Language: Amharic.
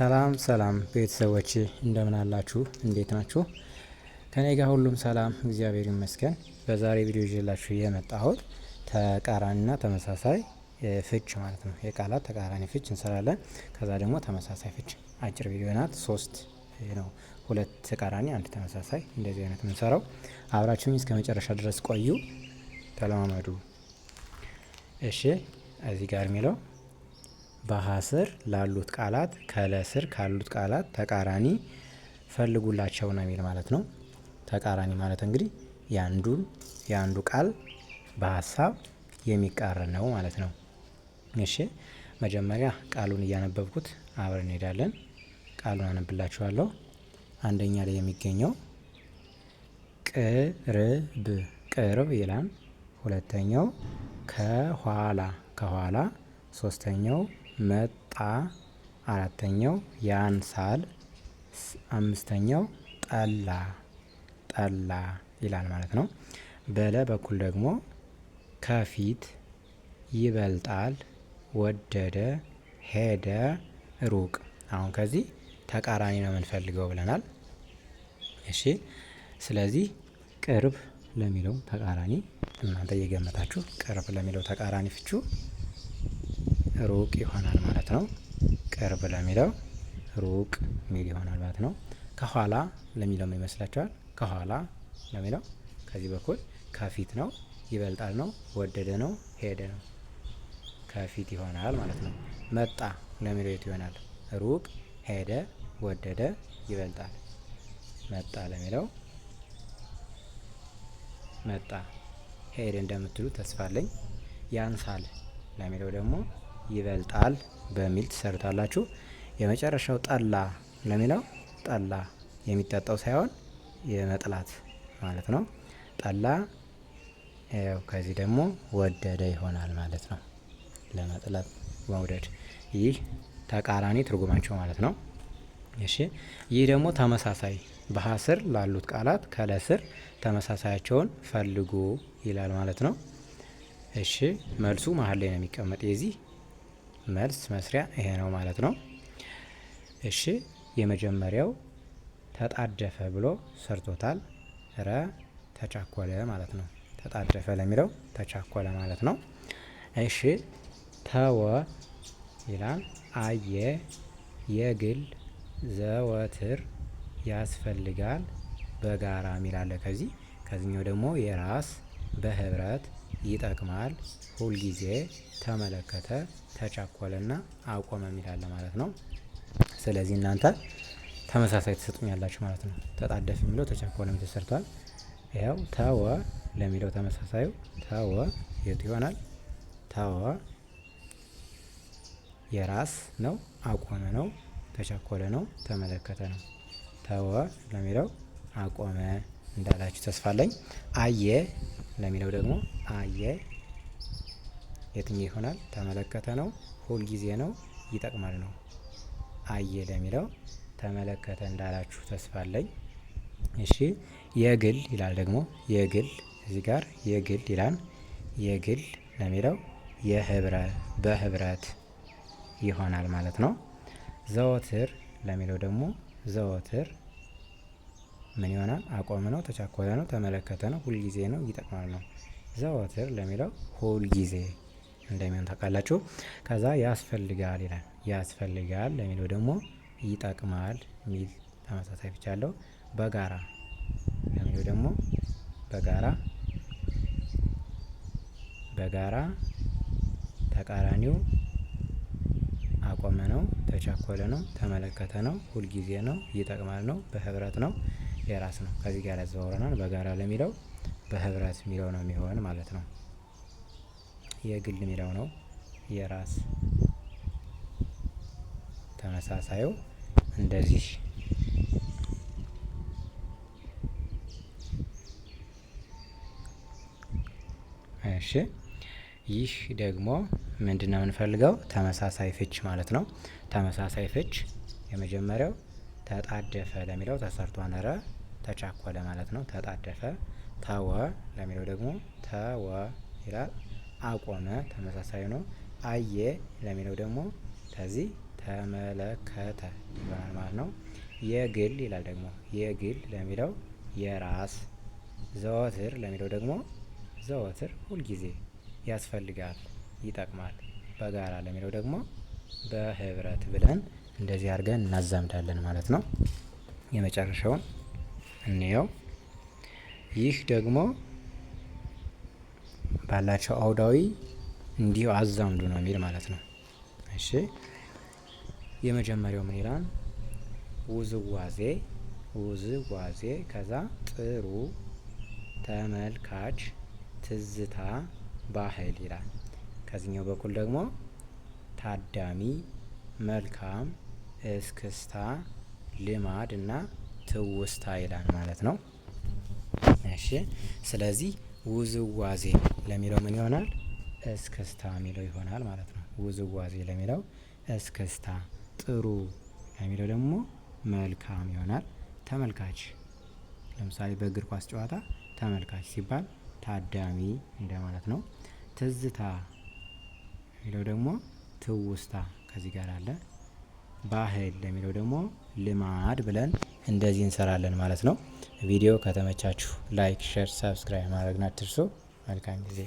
ሰላም ሰላም ቤተሰቦቼ እንደምን አላችሁ? እንዴት ናችሁ? ከኔ ጋር ሁሉም ሰላም እግዚአብሔር ይመስገን። በዛሬ ቪዲዮ ይዤላችሁ የመጣሁት ተቃራኒና ተመሳሳይ ፍች ማለት ነው። የቃላት ተቃራኒ ፍች እንሰራለን። ከዛ ደግሞ ተመሳሳይ ፍች አጭር ቪዲዮ ናት። ሶስት ነው፣ ሁለት ተቃራኒ፣ አንድ ተመሳሳይ። እንደዚህ አይነት የምንሰራው አብራችሁኝ እስከ መጨረሻ ድረስ ቆዩ፣ ተለማመዱ። እሺ እዚህ ጋር የሚለው በሀስር ላሉት ቃላት ከለስር ካሉት ቃላት ተቃራኒ ፈልጉላቸው ነው የሚል ማለት ነው። ተቃራኒ ማለት እንግዲህ ያንዱ የአንዱ ቃል በሀሳብ የሚቃረን ነው ማለት ነው። እሺ መጀመሪያ ቃሉን እያነበብኩት አብረን እንሄዳለን። ቃሉን አነብላችኋለሁ። አንደኛ ላይ የሚገኘው ቅርብ ቅርብ ይላል። ሁለተኛው ከኋላ ከኋላ ሶስተኛው መጣ አራተኛው ያንሳል አምስተኛው ጠላ ጠላ ይላል ማለት ነው። በለ በኩል ደግሞ ከፊት ይበልጣል ወደደ ሄደ ሩቅ አሁን ከዚህ ተቃራኒ ነው የምንፈልገው ብለናል። እሺ ስለዚህ ቅርብ ለሚለው ተቃራኒ እናንተ እየገመታችሁ ቅርብ ለሚለው ተቃራኒ ፍቹ ሩቅ ይሆናል ማለት ነው። ቅርብ ለሚለው ሩቅ ሚል ይሆናል ማለት ነው። ከኋላ ለሚለው ይመስላችኋል? ከኋላ ለሚለው ከዚህ በኩል ከፊት ነው፣ ይበልጣል ነው፣ ወደደ ነው፣ ሄደ ነው፣ ከፊት ይሆናል ማለት ነው። መጣ ለሚለው የት ይሆናል? ሩቅ፣ ሄደ፣ ወደደ፣ ይበልጣል። መጣ ለሚለው መጣ፣ ሄደ እንደምትሉ ተስፋለኝ። ያንሳል ለሚለው ደግሞ ይበልጣል በሚል ትሰርታላችሁ። የመጨረሻው ጠላ ለሚለው ጠላ የሚጠጣው ሳይሆን የመጥላት ማለት ነው። ጠላ ያው ከዚህ ደግሞ ወደደ ይሆናል ማለት ነው። ለመጥላት መውደድ፣ ይህ ተቃራኒ ትርጉማቸው ማለት ነው። እሺ ይህ ደግሞ ተመሳሳይ በሀ ስር ላሉት ቃላት ከለስር ተመሳሳያቸውን ፈልጉ ይላል ማለት ነው። እሺ መልሱ መሀል ላይ ነው የሚቀመጥ የዚህ መልስ መስሪያ ይሄ ነው ማለት ነው። እሺ የመጀመሪያው ተጣደፈ ብሎ ሰርቶታል። ረ ተቻኮለ ማለት ነው። ተጣደፈ ለሚለው ተቻኮለ ማለት ነው። እሺ ተወ ይላል። አየ የግል ዘወትር ያስፈልጋል በጋራ ሚላለ ከዚህ ከዚህኛው ደግሞ የራስ በህብረት ይጠቅማል፣ ሁልጊዜ ተመለከተ፣ ተቻኮለና አቆመ የሚላለ ማለት ነው። ስለዚህ እናንተ ተመሳሳይ ትሰጡኛላችሁ ማለት ነው። ተጣደፍ የሚለው ተቻኮለ ተሰርቷል። ያው ተወ ለሚለው ተመሳሳዩ ተወ የቱ ይሆናል? ተወ የራስ ነው፣ አቆመ ነው፣ ተቻኮለ ነው፣ ተመለከተ ነው። ተወ ለሚለው አቆመ እንዳላችሁ ተስፋለኝ አየ ለሚለው ደግሞ አየ የትኛው ይሆናል? ተመለከተ ነው። ሁል ጊዜ ነው፣ ይጠቅማል ነው። አየ ለሚለው ተመለከተ እንዳላችሁ ተስፋ አለኝ። እሺ የግል ይላል ደግሞ የግል እዚህ ጋር የግል ይላል። የግል ለሚለው የህብረ በህብረት ይሆናል ማለት ነው። ዘወትር ለሚለው ደግሞ ዘወትር ምን ይሆናል? አቆም ነው፣ ተቻኮለ ነው፣ ተመለከተ ነው፣ ሁልጊዜ ነው፣ ይጠቅማል ነው። ዘወትር ለሚለው ሁል ጊዜ እንደሚሆን ታውቃላችሁ። ከዛ ያስፈልጋል ይላል። ያስፈልጋል ለሚለው ደግሞ ይጠቅማል ሚል ተመሳሳይ ፍቻ አለው። በጋራ ለሚለው ደግሞ በጋራ በጋራ ተቃራኒው አቆመ ነው፣ ተቻኮለ ነው፣ ተመለከተ ነው፣ ሁልጊዜ ነው፣ ይጠቅማል ነው፣ በህብረት ነው፣ የራስ ነው። ከዚህ ጋር ያዘዋውረናል። በጋራ ለሚለው በህብረት የሚለው ነው የሚሆን ማለት ነው። የግል የሚለው ነው የራስ ተመሳሳዩ እንደዚህ እሺ። ይህ ደግሞ ምንድን ነው የምንፈልገው? ተመሳሳይ ፍች ማለት ነው። ተመሳሳይ ፍች የመጀመሪያው ተጣደፈ ለሚለው ተሰርቷ ነረ ተቻኮለ ማለት ነው። ተጣደፈ ተወ ለሚለው ደግሞ ተወ ይላል። አቆመ ተመሳሳይ ነው። አየ ለሚለው ደግሞ ከዚህ ተመለከተ ይባላል ማለት ነው። የግል ይላል ደግሞ የግል ለሚለው የራስ ዘወትር ለሚለው ደግሞ ዘወትር ሁልጊዜ ያስፈልጋል፣ ይጠቅማል። በጋራ ለሚለው ደግሞ በህብረት ብለን እንደዚህ አድርገን እናዛምዳለን ማለት ነው። የመጨረሻውን እንየው። ይህ ደግሞ ባላቸው አውዳዊ እንዲሁ አዛምዱ ነው የሚል ማለት ነው። እሺ የመጀመሪያው ምን ይላል? ውዝዋዜ ውዝዋዜ፣ ከዛ ጥሩ ተመልካች፣ ትዝታ፣ ባህል ይላል። ከዚህኛው በኩል ደግሞ ታዳሚ፣ መልካም፣ እስክስታ፣ ልማድ እና ትውስታ ይላል ማለት ነው። እሺ ስለዚህ ውዝዋዜ ለሚለው ምን ይሆናል? እስክስታ የሚለው ይሆናል ማለት ነው። ውዝዋዜ ለሚለው እስክስታ፣ ጥሩ ለሚለው ደግሞ መልካም ይሆናል። ተመልካች ለምሳሌ በእግር ኳስ ጨዋታ ተመልካች ሲባል ታዳሚ እንደማለት ነው። ትዝታ የሚለው ደግሞ ትውስታ ከዚህ ጋር አለ። ባህል ለሚለው ደግሞ ልማድ ብለን እንደዚህ እንሰራለን ማለት ነው። ቪዲዮ ከተመቻችሁ ላይክ፣ ሸር፣ ሰብስክራይብ ማድረግ አትርሱ። መልካም ጊዜ